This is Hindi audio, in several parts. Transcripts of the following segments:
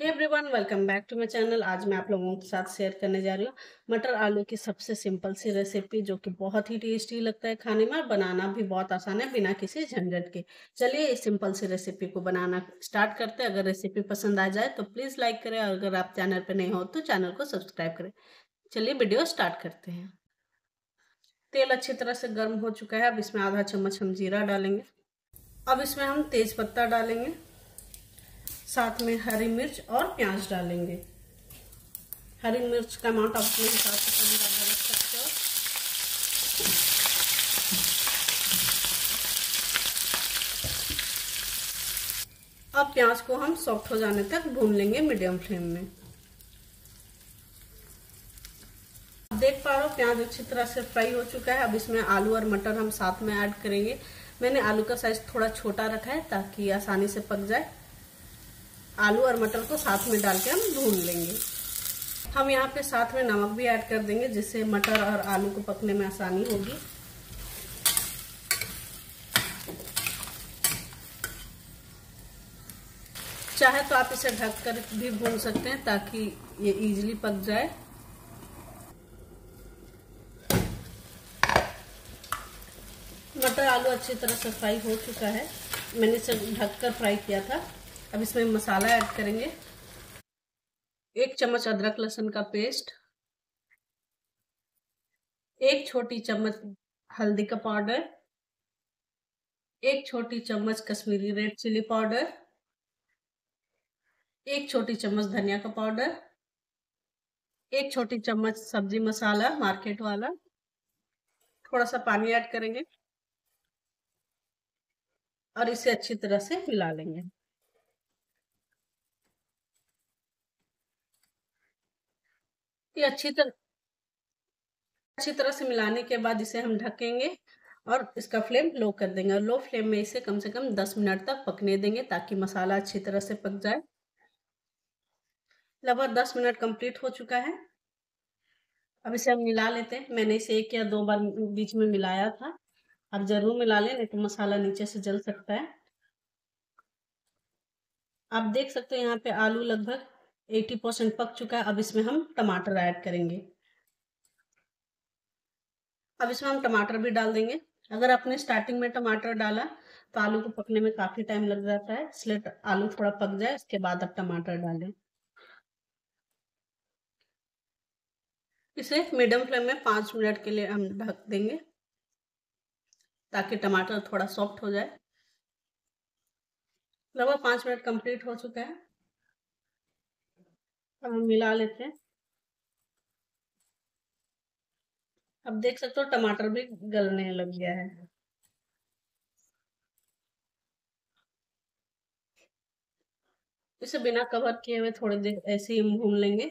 hey everyone welcome back to my channel आज मैं आप लोगों के साथ शेयर करने जा रही हूँ मटर आलू की सबसे सिंपल सी रेसिपी जो कि बहुत ही टेस्टी लगता है खाने में और बनाना भी बहुत आसान है बिना किसी झंझट के चलिए इस सिंपल सी रेसिपी को बनाना स्टार्ट करते हैं अगर रेसिपी पसंद आ जाए तो प्लीज़ लाइक करें और अगर आप चैनल पर नहीं हो तो चैनल को सब्सक्राइब करें चलिए वीडियो स्टार्ट करते हैं तेल अच्छी तरह से गर्म हो चुका है अब इसमें आधा चम्मच हम जीरा डालेंगे अब इसमें हम तेज़ पत्ता डालेंगे साथ में हरी मिर्च और प्याज डालेंगे हरी मिर्च का अमाउंट आप अपने हिसाब से कम ज़्यादा रख सकते हो अब प्याज को हम सॉफ्ट हो जाने तक भून लेंगे मीडियम फ्लेम में देख पा रहे हो प्याज अच्छी तरह से फ्राई हो चुका है अब इसमें आलू और मटर हम साथ में ऐड करेंगे मैंने आलू का साइज थोड़ा छोटा रखा है ताकि आसानी से पक जाए आलू और मटर को साथ में डाल के हम भून लेंगे हम यहाँ पे साथ में नमक भी ऐड कर देंगे जिससे मटर और आलू को पकने में आसानी होगी चाहे तो आप इसे ढक कर भी भून सकते हैं ताकि ये इजीली पक जाए मटर आलू अच्छी तरह से फ्राई हो चुका है मैंने इसे ढककर फ्राई किया था अब इसमें मसाला ऐड करेंगे एक चम्मच अदरक लहसुन का पेस्ट एक छोटी चम्मच हल्दी का पाउडर एक छोटी चम्मच कश्मीरी रेड चिली पाउडर एक छोटी चम्मच धनिया का पाउडर एक छोटी चम्मच सब्जी मसाला मार्केट वाला थोड़ा सा पानी ऐड करेंगे और इसे अच्छी तरह से मिला लेंगे कि अच्छी तरह अच्छी तरह से मिलाने के बाद इसे हम ढकेंगे और इसका फ्लेम लो कर देंगे और लो फ्लेम में इसे कम से कम दस मिनट तक पकने देंगे ताकि मसाला अच्छी तरह से पक जाए लगभग दस मिनट कंप्लीट हो चुका है अब इसे हम मिला लेते हैं मैंने इसे एक या दो बार बीच में मिलाया था आप जरूर मिला लें नहीं तो मसाला नीचे से जल सकता है आप देख सकते हैं यहाँ पे आलू लगभग 80 परसेंट पक चुका है अब इसमें हम टमाटर ऐड करेंगे अब इसमें हम टमाटर भी डाल देंगे अगर आपने स्टार्टिंग में टमाटर डाला तो आलू को पकने में काफी टाइम लग जाता है इसलिए आलू थोड़ा पक जाए इसके बाद आप टमाटर डालें इसे मीडियम फ्लेम में पाँच मिनट के लिए हम ढक देंगे ताकि टमाटर थोड़ा सॉफ्ट हो जाए लगभग पाँच मिनट कंप्लीट हो चुका है हम मिला लेते हैं अब देख सकते हो टमाटर भी गलने लग गया है इसे बिना कवर किए हुए थोड़ी देर ऐसे ही भून लेंगे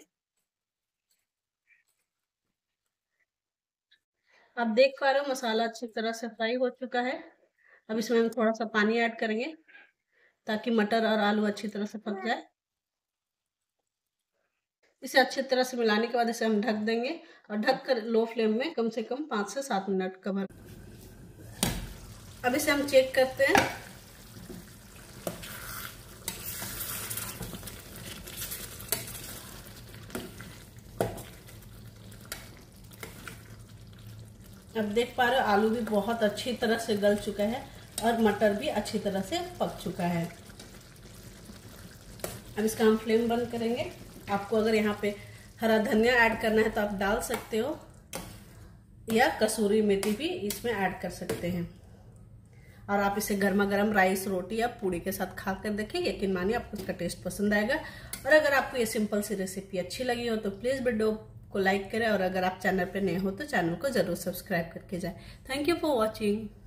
आप देख पा रहे हो मसाला अच्छी तरह से फ्राई हो चुका है अब इसमें हम थोड़ा सा पानी ऐड करेंगे ताकि मटर और आलू अच्छी तरह से पक जाए इसे अच्छी तरह से मिलाने के बाद इसे हम ढक देंगे और ढक कर लो फ्लेम में कम से कम पाँच से सात मिनट कवर अब इसे हम चेक करते हैं अब देख पा रहे हो आलू भी बहुत अच्छी तरह से गल चुका है और मटर भी अच्छी तरह से पक चुका है अब इसका हम फ्लेम बंद करेंगे आपको अगर यहाँ पे हरा धनिया ऐड करना है तो आप डाल सकते हो या कसूरी मेथी भी इसमें ऐड कर सकते हैं और आप इसे गर्मा गर्म राइस रोटी या पूड़ी के साथ खा कर देखें यकीन मानिए आपको इसका टेस्ट पसंद आएगा और अगर आपको ये सिंपल सी रेसिपी अच्छी लगी हो तो प्लीज़ वीडियो को लाइक करें और अगर आप चैनल पर नए हो तो चैनल को ज़रूर सब्सक्राइब करके जाए थैंक यू फॉर वॉचिंग